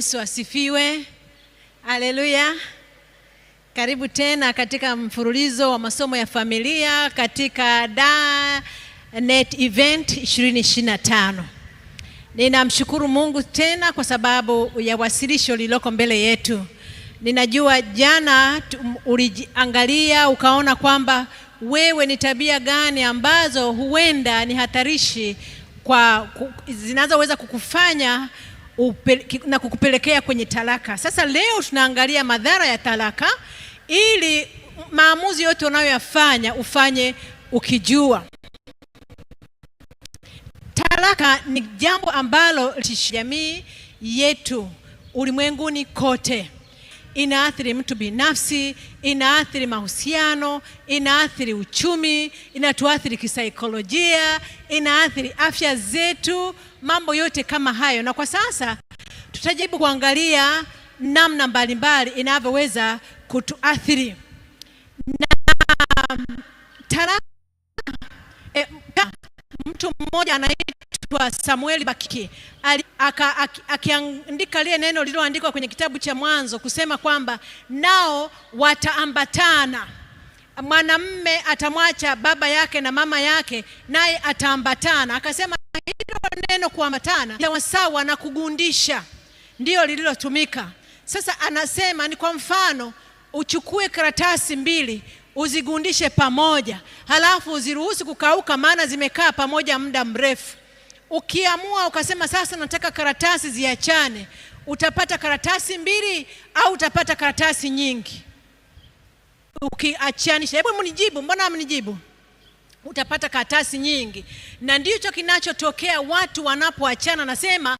Yesu asifiwe. Haleluya. Karibu tena katika mfululizo wa masomo ya familia katika DANET event 2025. Ninamshukuru Mungu tena kwa sababu ya wasilisho lililoko mbele yetu. Ninajua jana uliangalia ukaona kwamba wewe ni tabia gani ambazo huenda ni hatarishi kwa zinazoweza kukufanya na kukupelekea kwenye talaka. Sasa leo tunaangalia madhara ya talaka, ili maamuzi yote unayoyafanya ufanye ukijua talaka ni jambo ambalo jamii yetu ulimwenguni kote inaathiri mtu binafsi, inaathiri mahusiano, inaathiri uchumi, inatuathiri kisaikolojia, inaathiri afya zetu, mambo yote kama hayo. Na kwa sasa tutajaribu kuangalia namna mbalimbali inavyoweza kutuathiri na tara, e, eh, mtu mmoja anaitwa wa Samueli Bakike akiandika lile neno lililoandikwa kwenye kitabu cha Mwanzo kusema kwamba nao wataambatana, mwanamme atamwacha baba yake na mama yake, naye ataambatana. Akasema hilo neno kuambatana sawasawa na kugundisha ndiyo lililotumika. Sasa anasema ni kwa mfano, uchukue karatasi mbili uzigundishe pamoja, halafu uziruhusu kukauka, maana zimekaa pamoja muda mrefu Ukiamua ukasema sasa nataka karatasi ziachane, utapata karatasi mbili au utapata karatasi nyingi? Ukiachanisha, hebu mnijibu, mbona mnijibu Utapata karatasi nyingi, na ndicho kinachotokea watu wanapoachana. Nasema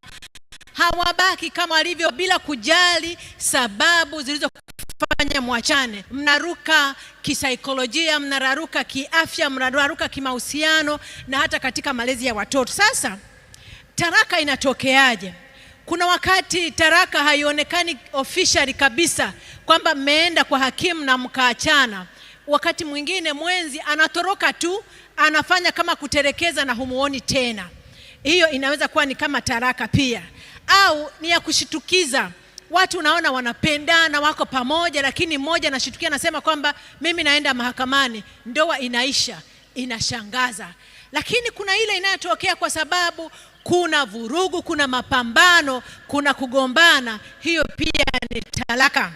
hawabaki kama alivyo bila kujali sababu zilizofanya mwachane. Mnaruka kisaikolojia, mnararuka kiafya, mnararuka kimahusiano na hata katika malezi ya watoto. Sasa taraka inatokeaje? Kuna wakati taraka haionekani officially kabisa kwamba mmeenda kwa hakimu na mkaachana. Wakati mwingine mwenzi anatoroka tu, anafanya kama kuterekeza na humuoni tena. Hiyo inaweza kuwa ni kama taraka pia au ni ya kushitukiza. Watu unaona wanapendana, wako pamoja, lakini mmoja anashitukia anasema kwamba mimi naenda mahakamani, ndoa inaisha. Inashangaza. Lakini kuna ile inayotokea kwa sababu kuna vurugu, kuna mapambano, kuna kugombana, hiyo pia ni talaka.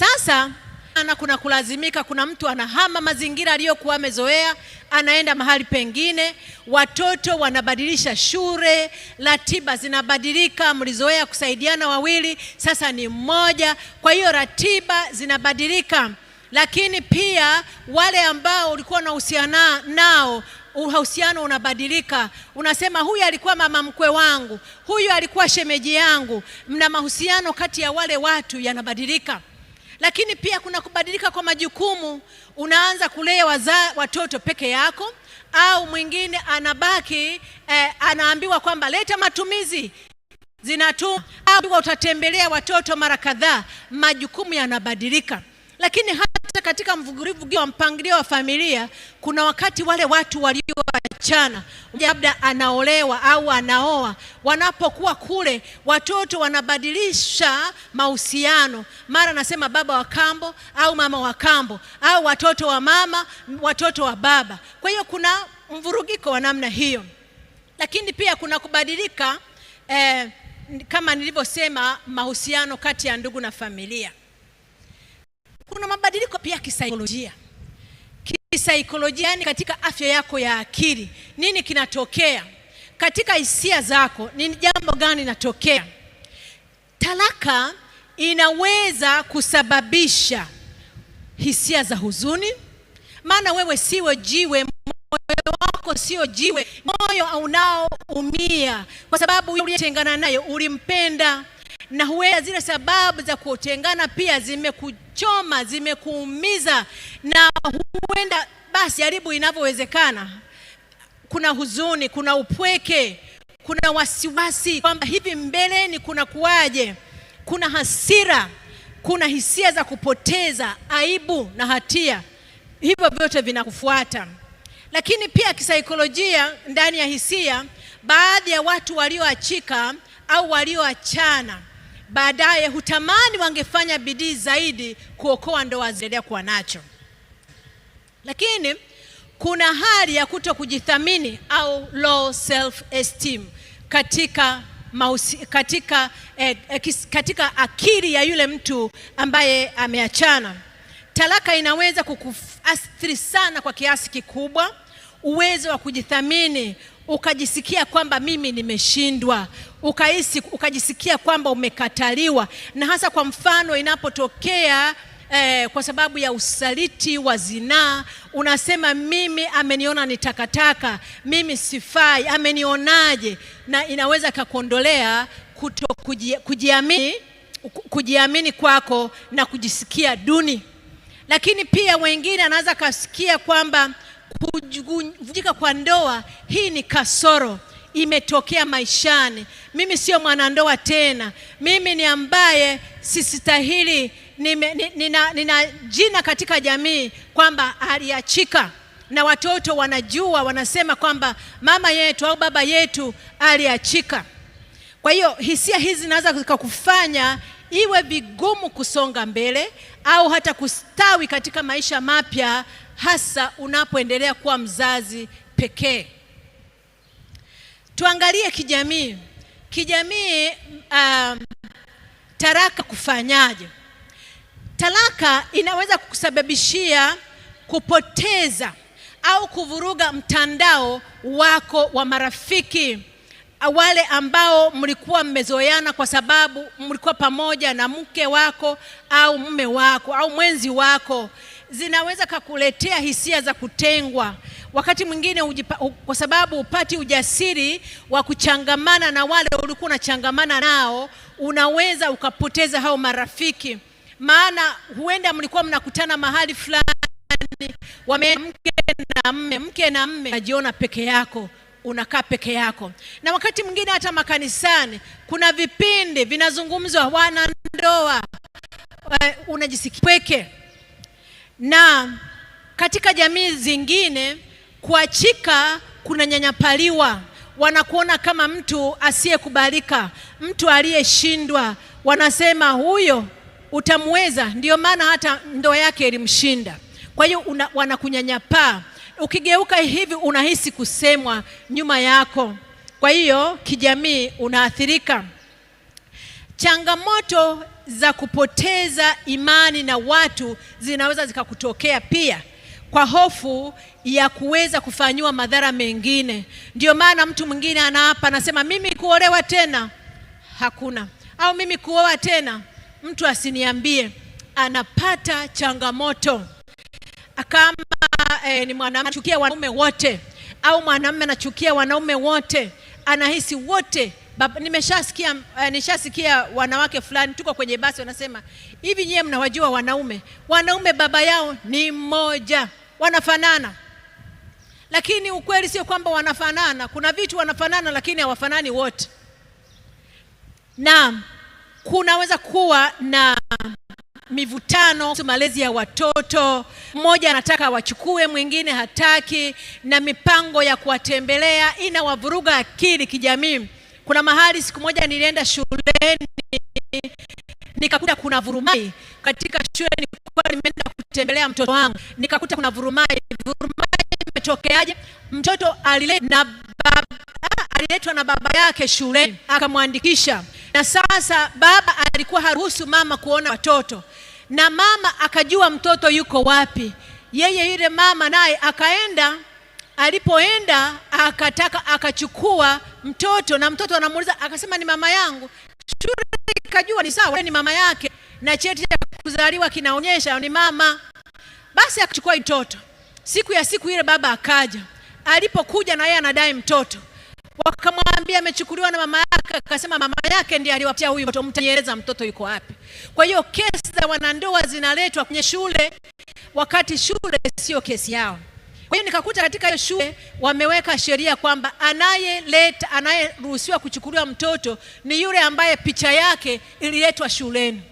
Sasa sana, kuna kulazimika, kuna mtu anahama mazingira aliyokuwa amezoea, anaenda mahali pengine, watoto wanabadilisha shule, ratiba zinabadilika, mlizoea kusaidiana wawili, sasa ni mmoja, kwa hiyo ratiba zinabadilika. Lakini pia wale ambao ulikuwa unahusiana nao uhusiano unabadilika, unasema huyu alikuwa mama mkwe wangu, huyu alikuwa shemeji yangu. Mna mahusiano kati ya wale watu yanabadilika. Lakini pia kuna kubadilika kwa majukumu, unaanza kulea waza, watoto peke yako, au mwingine anabaki eh, anaambiwa kwamba leta matumizi zinatu, au utatembelea watoto mara kadhaa, majukumu yanabadilika, lakini katika mvurugiko wa mpangilio wa familia, kuna wakati wale watu walioachana, labda anaolewa au anaoa, wanapokuwa kule watoto wanabadilisha mahusiano, mara anasema baba wa kambo au mama wa kambo, au watoto wa mama, watoto wa baba. Kwa hiyo kuna mvurugiko wa namna hiyo, lakini pia kuna kubadilika eh, kama nilivyosema mahusiano kati ya ndugu na familia kuna mabadiliko pia kisaikolojia kisaikolojia, yani katika afya yako ya akili, nini kinatokea katika hisia zako, ni jambo gani linatokea? Talaka inaweza kusababisha hisia za huzuni, maana wewe siwe jiwe, moyo wako sio jiwe, moyo unaoumia kwa sababu uliyetengana nayo ulimpenda, na huenda zile sababu za kutengana pia zimeku zimekuchoma, zimekuumiza, na huenda basi jaribu inavyowezekana. Kuna huzuni, kuna upweke, kuna wasiwasi kwamba hivi mbeleni kuna kuwaje, kuna hasira, kuna hisia za kupoteza, aibu na hatia, hivyo vyote vinakufuata. Lakini pia kisaikolojia, ndani ya hisia, baadhi ya watu walioachika au walioachana baadaye hutamani wangefanya bidii zaidi kuokoa ndoa zilizoendelea kuwa nacho. Lakini kuna hali ya kuto kujithamini au low self esteem katika mausi, katika, eh, eh katika akili ya yule mtu ambaye ameachana. Talaka inaweza kukuathiri sana kwa kiasi kikubwa uwezo wa kujithamini, ukajisikia kwamba mimi nimeshindwa ukaisi, ukajisikia kwamba umekataliwa, na hasa kwa mfano inapotokea Eh, kwa sababu ya usaliti wa zinaa, unasema mimi ameniona ni takataka, mimi sifai, amenionaje? Na inaweza ikakuondolea kuto kujiamini, kujiamini kwako na kujisikia duni. Lakini pia wengine anaweza kasikia kwamba kuvunjika kwa ndoa hii ni kasoro imetokea maishani. Mimi sio mwanandoa tena, mimi ni ambaye sistahili, nina, nina, nina jina katika jamii kwamba aliachika na watoto wanajua, wanasema kwamba mama yetu au baba yetu aliachika. Kwa hiyo hisia hizi zinaweza zikakufanya iwe vigumu kusonga mbele au hata kustawi katika maisha mapya, hasa unapoendelea kuwa mzazi pekee. Tuangalie kijamii. Kijamii um, taraka kufanyaje? taraka inaweza kukusababishia kupoteza au kuvuruga mtandao wako wa marafiki wale ambao mlikuwa mmezoeana kwa sababu mlikuwa pamoja na mke wako au mme wako au mwenzi wako, zinaweza kakuletea hisia za kutengwa wakati mwingine kwa sababu upati ujasiri wa kuchangamana na wale ulikuwa unachangamana nao, unaweza ukapoteza hao marafiki. Maana huenda mlikuwa mnakutana mahali fulani, wame mke na mme, mke na mme, unajiona peke yako unakaa peke yako. Na wakati mwingine hata makanisani kuna vipindi vinazungumzwa ndoa, eh, unajisikia peke Na katika jamii zingine Kuachika kuna nyanyapaliwa, wanakuona kama mtu asiyekubalika, mtu aliyeshindwa. Wanasema huyo utamweza, ndiyo maana hata ndoa yake ilimshinda. Kwa hiyo wanakunyanyapaa, ukigeuka hivi unahisi kusemwa nyuma yako. Kwa hiyo kijamii unaathirika. Changamoto za kupoteza imani na watu zinaweza zikakutokea pia kwa hofu ya kuweza kufanyiwa madhara mengine. Ndio maana mtu mwingine anaapa, anasema mimi kuolewa tena hakuna, au mimi kuoa tena mtu asiniambie. Anapata changamoto kama eh, ni mwanamke anachukia wanaume wote, au mwanamume anachukia wanaume wote, anahisi wote nimeshasikia uh, nishasikia wanawake fulani, tuko kwenye basi, wanasema hivi, nyie mnawajua wanaume? Wanaume baba yao ni mmoja wanafanana, lakini ukweli sio kwamba wanafanana. Kuna vitu wanafanana, lakini hawafanani wote. Naam, kunaweza kuwa na mivutano malezi ya watoto, mmoja anataka wachukue, mwingine hataki, na mipango ya kuwatembelea inawavuruga akili kijamii. Kuna mahali siku moja nilienda shuleni nikakuta kuna vurumai katika shule. Nilikuwa nimeenda kutembelea mtoto wangu, nikakuta kuna vurumai. Vurumai imetokeaje? Mtoto aliletwa na baba, aliletwa na baba yake shuleni akamwandikisha, na sasa baba alikuwa haruhusu mama kuona watoto, na mama akajua mtoto yuko wapi. Yeye yule mama naye akaenda alipoenda akataka akachukua mtoto na mtoto anamuuliza, akasema ni mama yangu. Shule Nikajua ni sawa, ni mama yake na cheti cha kuzaliwa kinaonyesha ni mama. Basi akachukua mtoto. Siku ya siku ile baba akaja, alipokuja na yeye anadai mtoto, wakamwambia amechukuliwa na mama yake. Akasema mama yake ndiye aliwapatia huyu mtoto, mtanieleza mtoto yuko wapi? Kwa hiyo kesi za wanandoa zinaletwa kwenye shule, wakati shule sio kesi yao. Kwa hiyo nikakuta katika hiyo shule wameweka sheria kwamba anayeleta anayeruhusiwa kuchukuliwa mtoto ni yule ambaye picha yake ililetwa shuleni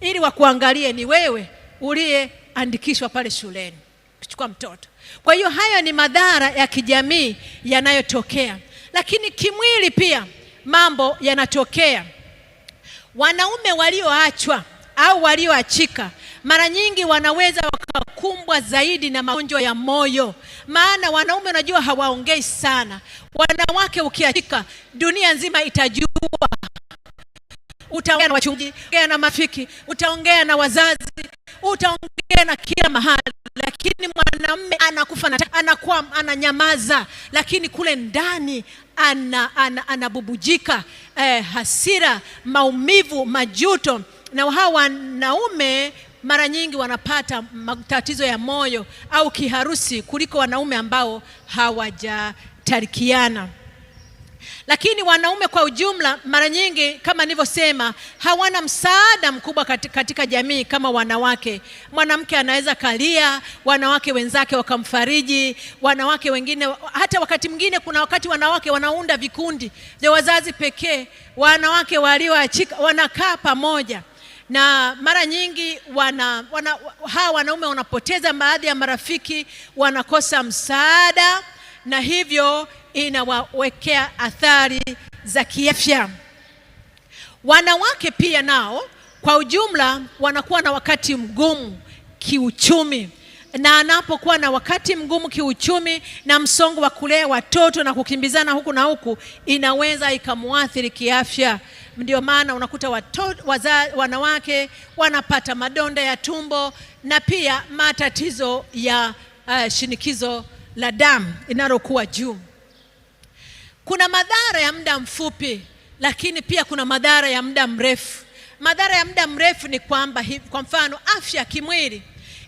ili wakuangalie ni wewe uliyeandikishwa pale shuleni kuchukua mtoto. Kwa hiyo hayo ni madhara ya kijamii yanayotokea, lakini kimwili pia mambo yanatokea. Wanaume walioachwa au walioachika mara nyingi wanaweza wakakumbwa zaidi na magonjwa ya moyo, maana wanaume unajua hawaongei sana. Wanawake ukiachika, dunia nzima itajua. Utaongea na wachungaji, utaongea na marafiki, utaongea na wazazi, utaongea na kila mahali, lakini mwanamume anakufa, anakuwa ananyamaza, lakini kule ndani anabubujika, ana, ana eh, hasira, maumivu, majuto na hawa wanaume mara nyingi wanapata matatizo ya moyo au kiharusi kuliko wanaume ambao hawajatarikiana. Lakini wanaume kwa ujumla, mara nyingi kama nilivyosema, hawana msaada mkubwa katika, jamii kama wanawake. Mwanamke anaweza kalia, wanawake wenzake wakamfariji, wanawake wengine. Hata wakati mwingine, kuna wakati wanawake wanaunda vikundi vya wazazi pekee, wanawake walioachika wanakaa pamoja na mara nyingi wana, wana, hawa wanaume wanapoteza baadhi ya marafiki, wanakosa msaada na hivyo inawawekea athari za kiafya. Wanawake pia nao kwa ujumla wanakuwa na wakati mgumu kiuchumi na anapokuwa na wakati mgumu kiuchumi na msongo wa kulea watoto na kukimbizana huku na huku, inaweza ikamwathiri kiafya. Ndio maana unakuta watoto, waza, wanawake wanapata madonda ya tumbo na pia matatizo ya uh, shinikizo la damu inalokuwa juu. Kuna madhara ya muda mfupi, lakini pia kuna madhara ya muda mrefu. Madhara ya muda mrefu ni kwamba, kwa mfano, afya kimwili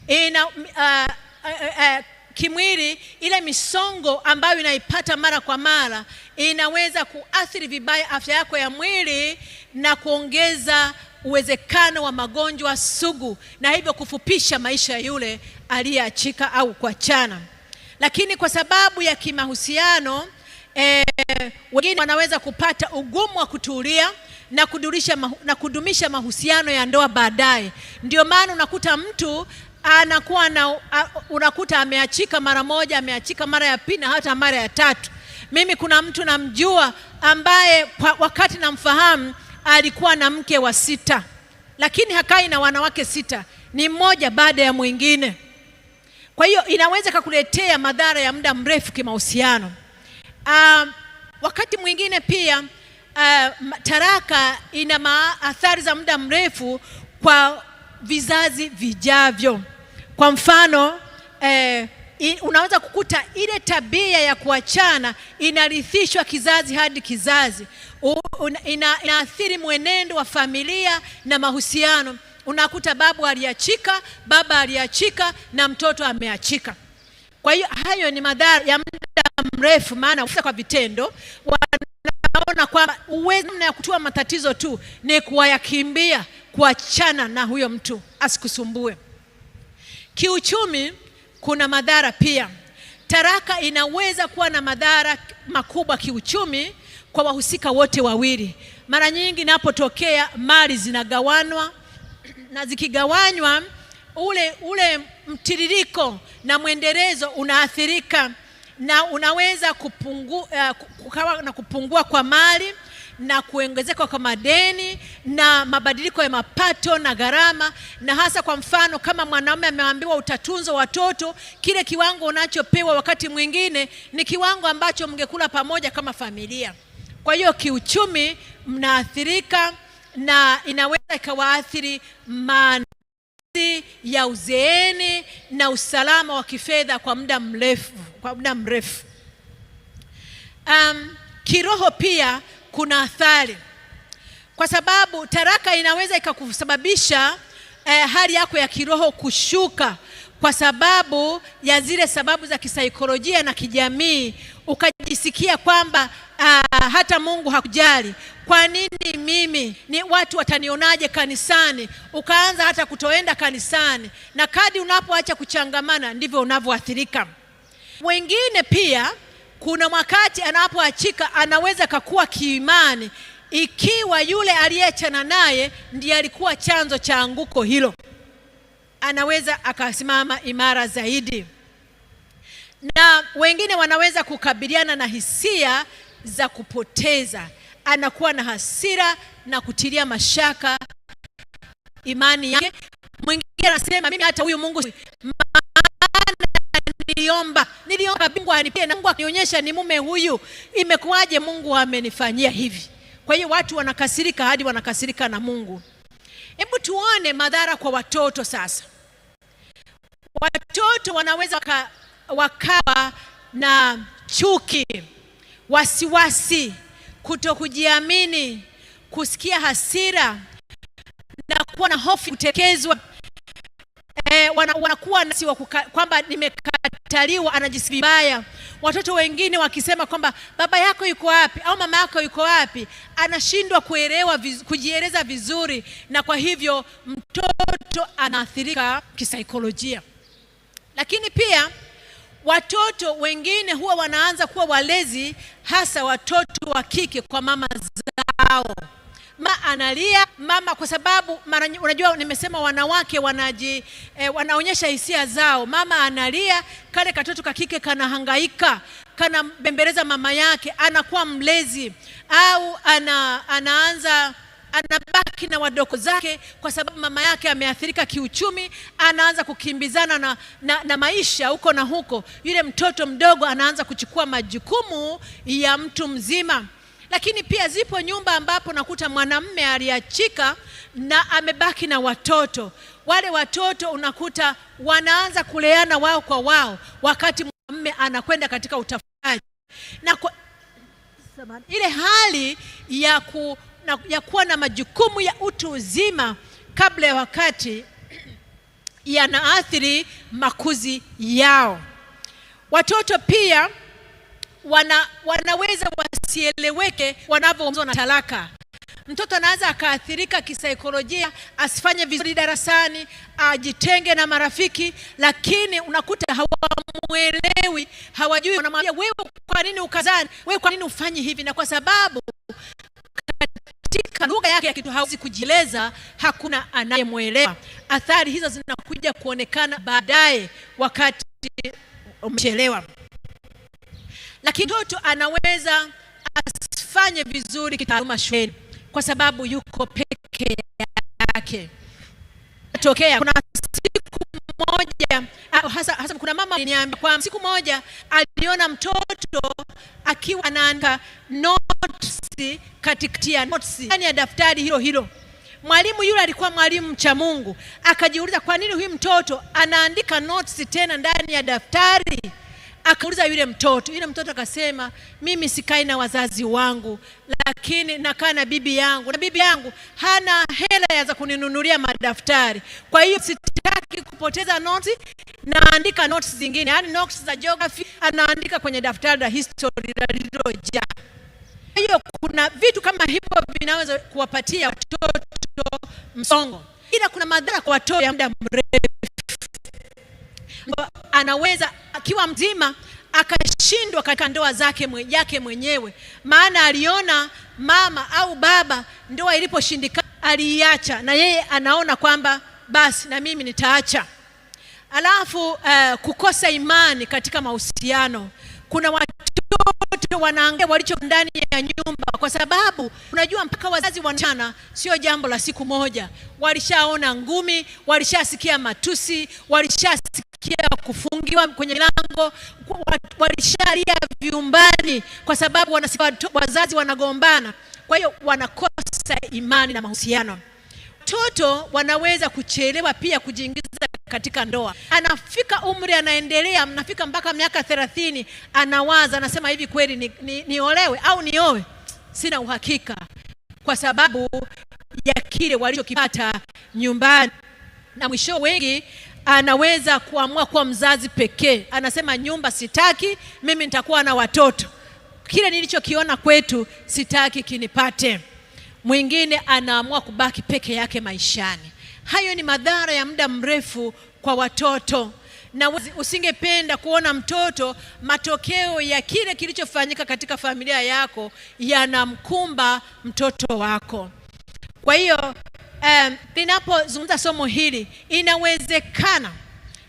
ina uh, uh, uh, uh, kimwili ile misongo ambayo inaipata mara kwa mara inaweza kuathiri vibaya afya yako ya mwili na kuongeza uwezekano wa magonjwa sugu na hivyo kufupisha maisha yule aliyeachika au kuachana. Lakini kwa sababu ya kimahusiano e, wengine wanaweza kupata ugumu wa kutulia na kudumisha mahusiano ya ndoa baadaye. Ndio maana unakuta mtu anakuwa na unakuta ameachika mara moja, ameachika mara ya pili na hata mara ya tatu. Mimi kuna mtu namjua ambaye wakati namfahamu alikuwa na mke wa sita, lakini hakai na wanawake sita, ni mmoja baada ya mwingine. Kwa hiyo inaweza kakuletea madhara ya muda mrefu kimahusiano. Uh, wakati mwingine pia uh, taraka ina athari za muda mrefu kwa vizazi vijavyo. Kwa mfano eh, unaweza kukuta ile tabia ya kuachana inarithishwa kizazi hadi kizazi, ina, inaathiri mwenendo wa familia na mahusiano. Unakuta babu aliachika, baba aliachika na mtoto ameachika. Kwa hiyo hayo ni madhara ya muda mrefu, maana kwa vitendo wanaona kwamba uwezo ya kutua matatizo tu ni kuwayakimbia, kuachana na huyo mtu asikusumbue. Kiuchumi kuna madhara pia. Taraka inaweza kuwa na madhara makubwa kiuchumi kwa wahusika wote wawili. Mara nyingi inapotokea mali zinagawanwa na zikigawanywa, ule, ule mtiririko na mwendelezo unaathirika na unaweza kupungu, uh, kukawa na kupungua kwa mali na kuongezeka kwa madeni na mabadiliko ya mapato na gharama, na hasa kwa mfano kama mwanaume ameambiwa utatunza watoto, kile kiwango unachopewa wakati mwingine ni kiwango ambacho mngekula pamoja kama familia. Kwa hiyo kiuchumi mnaathirika na inaweza ikawaathiri maandalizi ya uzeeni na usalama wa kifedha kwa muda mrefu, kwa muda mrefu. Um, kiroho pia kuna athari, kwa sababu taraka inaweza ikakusababisha eh, hali yako ya kiroho kushuka kwa sababu ya zile sababu za kisaikolojia na kijamii, ukajisikia kwamba uh, hata Mungu hakujali. Kwa nini mimi? Ni watu watanionaje kanisani? Ukaanza hata kutoenda kanisani, na kadi unapoacha kuchangamana ndivyo unavyoathirika. Wengine pia kuna wakati anapoachika anaweza kakuwa kiimani ikiwa yule aliyechana naye ndiye alikuwa chanzo cha anguko hilo, anaweza akasimama imara zaidi. Na wengine wanaweza kukabiliana na hisia za kupoteza, anakuwa na hasira na kutilia mashaka imani yake. Mwingine anasema mimi hata huyu Mungu maana niliomba, niliomba bingwa anipie na Mungu akionyesha ni mume huyu, imekuwaje Mungu amenifanyia hivi? Kwa hiyo watu wanakasirika hadi wanakasirika na Mungu. Hebu tuone madhara kwa watoto sasa. Watoto wanaweza waka, wakawa na chuki, wasiwasi, kuto kujiamini, kusikia hasira na kuwa na hofu kutekezwa e, wana, wanakuwa nasi kwamba nimekataliwa, anajisikia vibaya. Watoto wengine wakisema kwamba baba yako yuko wapi au mama yako yuko wapi, anashindwa kuelewa viz, kujieleza vizuri, na kwa hivyo mtoto anaathirika kisaikolojia. Lakini pia watoto wengine huwa wanaanza kuwa walezi, hasa watoto wa kike kwa mama zao ma analia mama, kwa sababu mara, unajua nimesema wanawake wanaji, e, wanaonyesha hisia zao. Mama analia, kale katoto kakike kanahangaika kanabembeleza mama yake, anakuwa mlezi au ana, anaanza anabaki na wadogo zake kwa sababu mama yake ameathirika kiuchumi, anaanza kukimbizana na, na, na maisha huko na huko. Yule mtoto mdogo anaanza kuchukua majukumu ya mtu mzima. Lakini pia zipo nyumba ambapo nakuta mwanamme aliachika na amebaki na watoto. Wale watoto unakuta wanaanza kuleana wao kwa wao, wakati mwanamume anakwenda katika utafutaji na kwa... ile hali ya, ku... na... ya kuwa na majukumu ya utu uzima kabla ya wakati yanaathiri makuzi yao. Watoto pia wana, wanaweza wasieleweke wanavyoongozwa na talaka. Mtoto anaweza akaathirika kisaikolojia, asifanye vizuri darasani, ajitenge na marafiki, lakini unakuta hawamwelewi, hawajui, wanamwambia wewe, kwa nini ukazani? Wewe kwa nini ufanyi hivi? Na kwa sababu katika lugha yake ya kitu hawezi kujieleza, hakuna anayemwelewa. Athari hizo zinakuja kuonekana baadaye wakati umechelewa. Lakini mtoto anaweza asifanye vizuri kitaaluma shuleni kwa sababu yuko peke yake. Tokea kuna siku moja hasa, hasa kuna mama aliniambia kwa siku moja aliona mtoto akiwa anaandika notes katikati ya notes ndani ya daftari hilo hilo. Mwalimu yule alikuwa mwalimu mcha Mungu, akajiuliza kwa nini huyu mtoto anaandika notes tena ndani ya daftari akauliza yule mtoto. Yule mtoto akasema, mimi sikai na wazazi wangu, lakini nakaa na bibi yangu, na bibi yangu hana hela za kuninunulia madaftari, kwa hiyo sitaki kupoteza noti, naandika notes zingine, yaani notes za geography anaandika kwenye daftari la history lililojaa. Kwa hiyo kuna vitu kama hivyo vinaweza kuwapatia watoto msongo, ila kuna madhara kwa watoto ya muda mrefu anaweza akiwa mzima akashindwa katika ndoa zake mwe, yake mwenyewe, maana aliona mama au baba ndoa iliposhindikana aliiacha, na yeye anaona kwamba basi na mimi nitaacha. Alafu uh, kukosa imani katika mahusiano. Kuna watoto wanaangalia walicho ndani ya nyumba, kwa sababu unajua mpaka wazazi wanachana, sio jambo la siku moja. Walishaona ngumi, walishasikia matusi, walishasikia walishia kufungiwa kwenye milango, walishalia vyumbani, kwa sababu wanasikia wazazi wanagombana. Kwa hiyo wanakosa imani na mahusiano. Watoto wanaweza kuchelewa pia kujiingiza katika ndoa. Anafika umri, anaendelea, mnafika mpaka miaka thelathini, anawaza anasema, hivi kweli ni, ni, niolewe au niowe? Sina uhakika kwa sababu ya kile walichokipata nyumbani, na mwisho wengi anaweza kuamua kuwa mzazi pekee, anasema nyumba sitaki, mimi nitakuwa na watoto, kile nilichokiona kwetu sitaki kinipate. Mwingine anaamua kubaki peke yake maishani. Hayo ni madhara ya muda mrefu kwa watoto, na usingependa kuona mtoto matokeo ya kile kilichofanyika katika familia yako yanamkumba mtoto wako. Kwa hiyo um, somo hili, inawezekana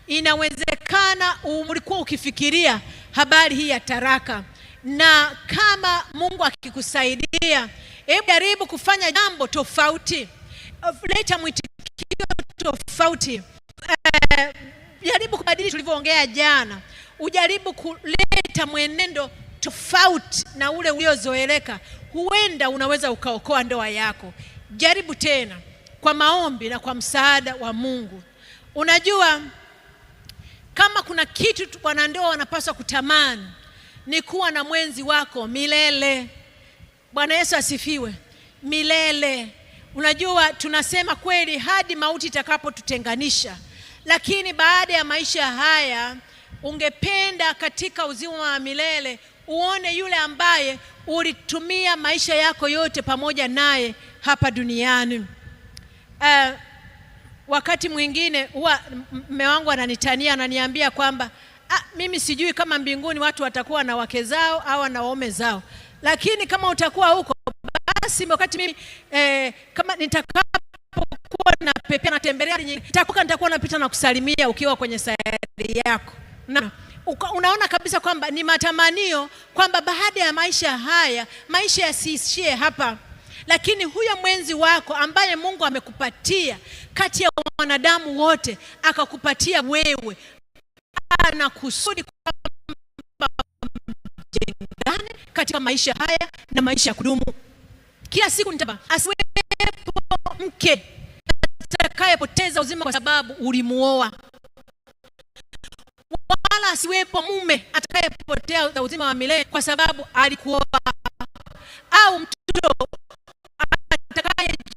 inawezekana ulikuwa ukifikiria habari hii ya taraka, na kama Mungu akikusaidia, hebu jaribu kufanya jambo tofauti, leta mwitikio tofauti. Uh, jaribu kubadili tulivyoongea jana, ujaribu kuleta mwenendo tofauti na ule uliozoeleka. Huenda unaweza ukaokoa ndoa yako. Jaribu tena kwa maombi na kwa msaada wa Mungu. Unajua, kama kuna kitu wanandoa wanapaswa kutamani ni kuwa na mwenzi wako milele. Bwana Yesu asifiwe! Milele. Unajua, tunasema kweli hadi mauti itakapotutenganisha, lakini baada ya maisha haya ungependa katika uzima wa milele uone yule ambaye ulitumia maisha yako yote pamoja naye hapa duniani uh, wakati mwingine huwa mme wangu ananitania ananiambia kwamba ah, mimi sijui kama mbinguni watu watakuwa na wake zao au na waume zao, lakini kama utakuwa huko basi wakati mimi eh, kama nitakapokuwa na pepea natembelea nitakuka nitakuwa napita na kusalimia ukiwa kwenye sayari yako na, unaona kabisa kwamba ni matamanio kwamba baada ya maisha haya maisha yasiishie hapa. Lakini huyo mwenzi wako ambaye Mungu amekupatia kati ya wanadamu wote, akakupatia wewe, ana kusudi kwamba mjengane katika maisha haya na maisha ya kudumu. Kila siku nitaba, asiwepo mke atakayepoteza uzima kwa sababu ulimuoa, wala asiwepo mume atakayepotea uzima wa milele kwa sababu alikuoa, au mtoto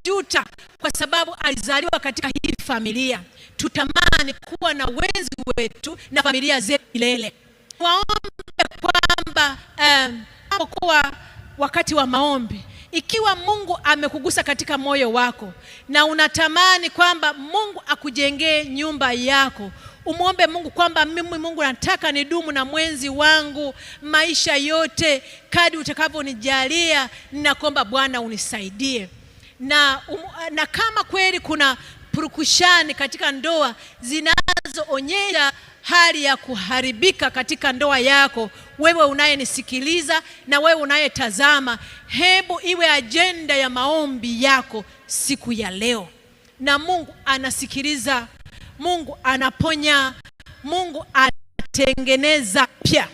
tuta kwa sababu alizaliwa katika hii familia. Tutamani kuwa na wenzi wetu na familia zetu milele. Waombe kwamba um, kuwa wakati wa maombi, ikiwa Mungu amekugusa katika moyo wako na unatamani kwamba Mungu akujengee nyumba yako Umwombe Mungu kwamba mimi Mungu nataka nidumu na mwenzi wangu maisha yote, kadi utakavyonijalia Ninakuomba Bwana unisaidie na, um, na kama kweli kuna purukushani katika ndoa zinazoonyesha hali ya kuharibika katika ndoa yako, wewe unayenisikiliza na wewe unayetazama, hebu iwe ajenda ya maombi yako siku ya leo. Na Mungu anasikiliza, Mungu anaponya, Mungu anatengeneza pia.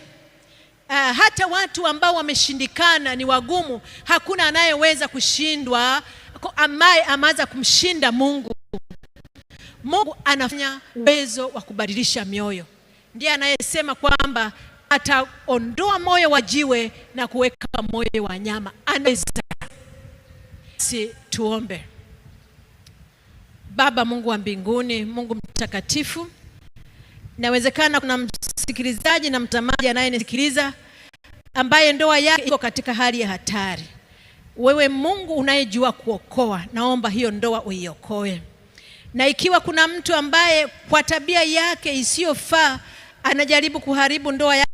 Uh, hata watu ambao wameshindikana ni wagumu, hakuna anayeweza kushindwa wako ambaye ameanza kumshinda Mungu, Mungu anafanya uwezo wa kubadilisha mioyo. Ndiye anayesema kwamba ataondoa moyo wa jiwe na kuweka moyo wa nyama. Anaweza. Si tuombe. Baba Mungu wa mbinguni, Mungu mtakatifu, inawezekana kuna msikilizaji na mtamaji anayenisikiliza ambaye ndoa yake iko katika hali ya hatari. Wewe Mungu unayejua kuokoa, naomba hiyo ndoa uiokoe. Na ikiwa kuna mtu ambaye kwa tabia yake isiyofaa anajaribu kuharibu ndoa yake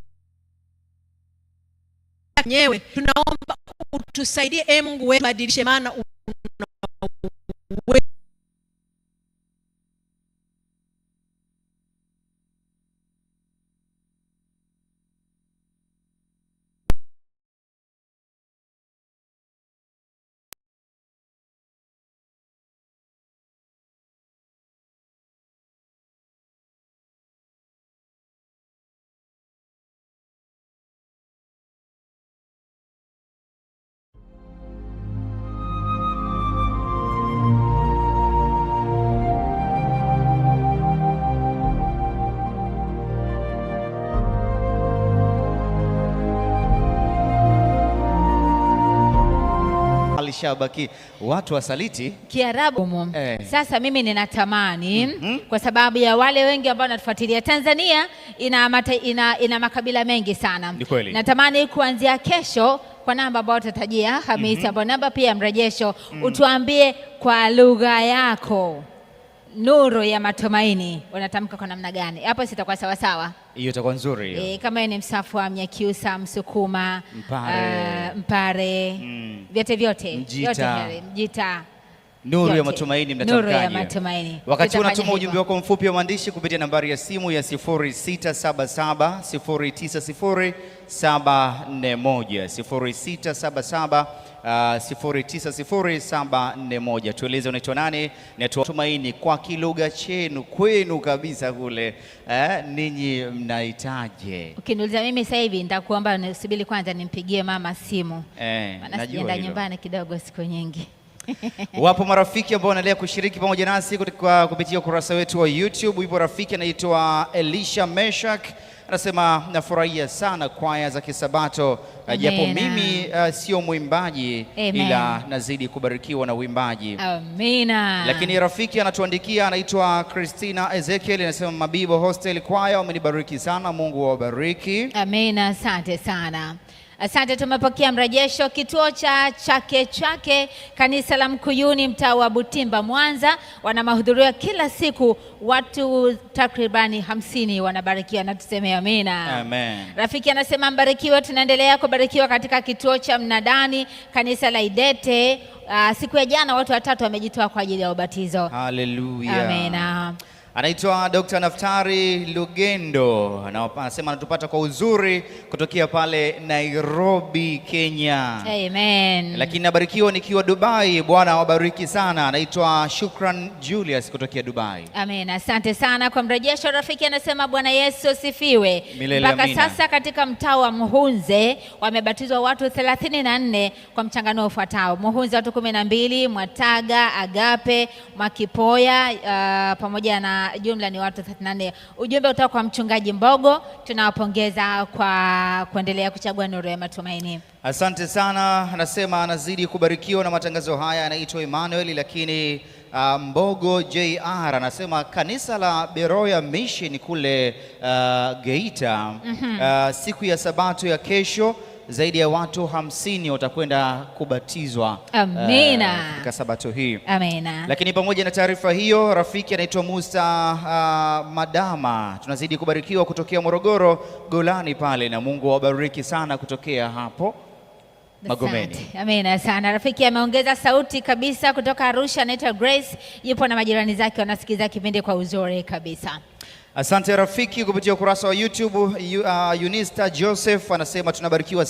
mwenyewe, tunaomba utusaidie, e Mungu wetu, badilishe, maana ishabaki watu wasaliti Kiarabu eh. Sasa mimi ninatamani mm -hmm. kwa sababu ya wale wengi ambao wanatufuatilia Tanzania ina, mata, ina, ina makabila mengi sana. Natamani kuanzia kesho kwa namba ambayo utatajia Hamisi, mm -hmm. ambao namba pia mrejesho mm -hmm. utuambie kwa lugha yako nuru ya matumaini unatamka kwa namna gani? Hapo sitakuwa sawa sawa, hiyo itakuwa nzuri hiyo. E, kama ni msafu wa Mnyakyusa, Msukuma, Mpare, uh, Mpare mm. vyote vyote Mjita, vyote, Mjita. Nuru ya matumaini Wakati unatuma ujumbe wako mfupi wa maandishi kupitia nambari ya simu ya 0677090741 0677 uh, 090741. Tueleze unaitwa nani, na Tumaini. kwa kilugha chenu kwenu kabisa kule eh, ninyi mnaitaje? Ukiniuliza mimi sasa hivi nitakuomba nisubiri kwanza nimpigie mama simu eh, maana nyumbani kidogo siku nyingi. Wapo marafiki ambao wanaendelea kushiriki pamoja nasi kwa kupitia ukurasa wetu wa YouTube. Yupo rafiki anaitwa Elisha Meshak anasema nafurahia sana kwaya za Kisabato eh, Japo mimi uh, sio mwimbaji Amen. Ila nazidi kubarikiwa na uimbaji Amina. Lakini rafiki anatuandikia anaitwa Christina Ezekiel anasema Mabibo Hostel kwaya wamenibariki sana, Mungu awabariki. Amina, asante sana. Asante, tumepokea mrejesho. Kituo cha Chake Chake, kanisa la Mkuyuni, mtaa wa Butimba, Mwanza, wana mahudhurio kila siku, watu takribani hamsini wanabarikiwa na tuseme amina. Amen. Rafiki anasema mbarikiwe tunaendelea kubarikiwa katika kituo cha Mnadani, kanisa la Idete. Uh, siku ya jana watu watatu wamejitoa kwa ajili ya ubatizo. Haleluya. Amina. Anaitwa Dr. Naftari Lugendo, anasema anatupata kwa uzuri kutokea pale Nairobi, Kenya. Amen. Lakini nabarikiwa nikiwa Dubai, Bwana awabariki sana. Anaitwa Shukran Julius kutokea Dubai. Amen. Asante sana kwa mrejesho rafiki, anasema Bwana Yesu asifiwe. Mpaka sasa katika mtaa wa Muhunze wamebatizwa watu 34 kwa mchangano ufuatao: Muhunze watu 12, Mwataga, Agape, Mwakipoya uh, pamoja na jumla ni watu 34. Ujumbe kutoka kwa mchungaji Mbogo, tunawapongeza kwa kuendelea kuchagua nuru ya matumaini. Asante sana, anasema anazidi kubarikiwa na matangazo haya. Anaitwa Emmanuel, lakini uh, Mbogo JR anasema kanisa la Beroya Mission kule uh, Geita mm -hmm. uh, siku ya Sabato ya kesho zaidi ya watu hamsini watakwenda kubatizwa eh, katika uh, sabato hii. Amina. Lakini pamoja na taarifa hiyo, rafiki anaitwa Musa uh, Madama, tunazidi kubarikiwa kutokea Morogoro Golani pale, na Mungu awabariki sana kutokea hapo Magomeni. Amina sana. Rafiki ameongeza sauti kabisa kutoka Arusha, anaitwa Grace, yupo na majirani zake wanasikiliza kipindi kwa uzuri kabisa. Asante rafiki, kupitia ukurasa wa YouTube ah, Unista Joseph anasema tunabarikiwa